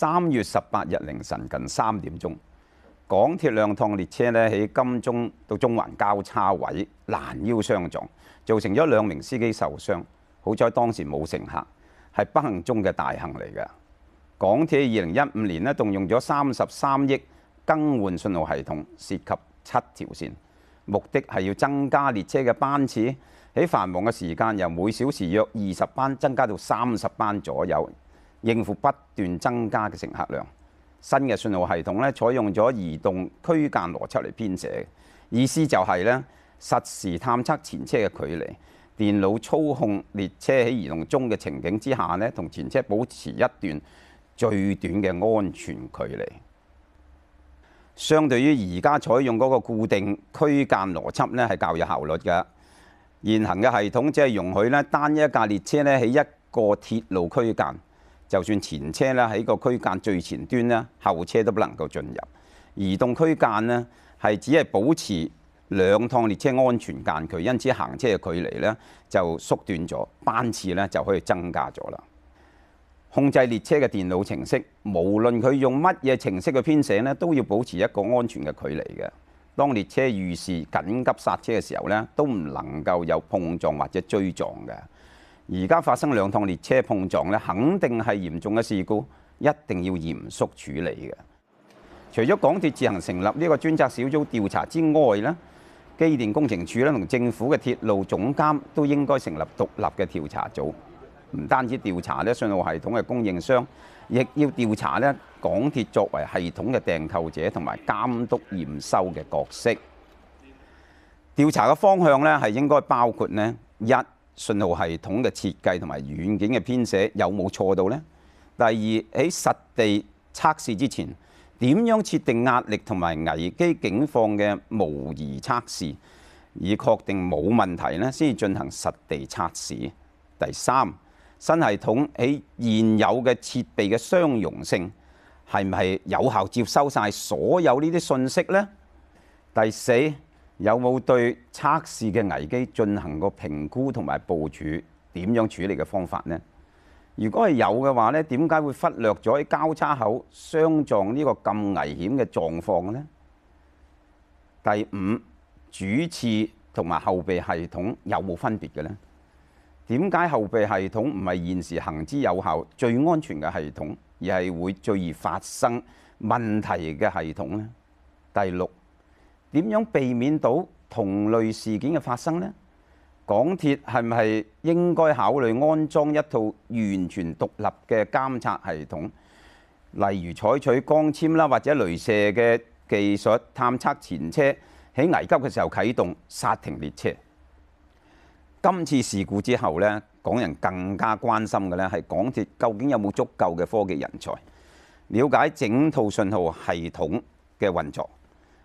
三月十八日凌晨近三點鐘，港鐵兩趟列車咧喺金鐘到中環交叉位攔腰相撞，造成咗兩名司機受傷。好在當時冇乘客，係不幸中嘅大幸嚟嘅。港鐵二零一五年咧動用咗三十三億更換信號系統，涉及七條線，目的係要增加列車嘅班次，喺繁忙嘅時間由每小時約二十班增加到三十班左右。應付不斷增加嘅乘客量，新嘅信號系統咧採用咗移動區間邏輯嚟編寫，意思就係咧實時探測前車嘅距離，電腦操控列車喺移動中嘅情景之下，呢同前車保持一段最短嘅安全距離。相對於而家採用嗰個固定區間邏輯咧，係較有效率嘅。現行嘅系統只係容許咧單一架列車咧喺一個鐵路區間。就算前車咧喺個區間最前端咧，後車都不能夠進入。移動區間咧係只係保持兩趟列車安全間距，因此行車嘅距離咧就縮短咗，班次咧就可以增加咗啦。控制列車嘅電腦程式，無論佢用乜嘢程式嘅編寫咧，都要保持一個安全嘅距離嘅。當列車遇事緊急刹車嘅時候咧，都唔能夠有碰撞或者追撞嘅。而家發生兩趟列車碰撞呢，肯定係嚴重嘅事故，一定要嚴肅處理嘅。除咗港鐵自行成立呢個專責小組調查之外呢，機電工程署呢同政府嘅鐵路總監都應該成立獨立嘅調查組，唔單止調查呢信號系統嘅供應商，亦要調查呢港鐵作為系統嘅訂購者同埋監督驗收嘅角色。調查嘅方向呢，係應該包括呢一。信號系統嘅設計同埋軟件嘅編寫有冇錯到呢？第二，喺實地測試之前，點樣設定壓力同埋危機警況嘅模擬測試，以確定冇問題呢？先至進行實地測試。第三，新系統喺現有嘅設備嘅相容性係唔係有效接收晒所有呢啲信息呢？第四。有冇對測試嘅危機進行過評估同埋部署點樣處理嘅方法呢？如果係有嘅話呢，點解會忽略咗喺交叉口相撞呢個咁危險嘅狀況呢？第五，主次同埋後備系統有冇分別嘅呢？點解後備系統唔係現時行之有效、最安全嘅系統，而係會最易發生問題嘅系統呢？第六。點樣避免到同類事件嘅發生呢？港鐵係唔係應該考慮安裝一套完全獨立嘅監測系統，例如採取光纖啦或者雷射嘅技術探測前車，喺危急嘅時候啟動煞停列車？今次事故之後呢，港人更加關心嘅呢係港鐵究竟有冇足夠嘅科技人才了解整套信號系統嘅運作？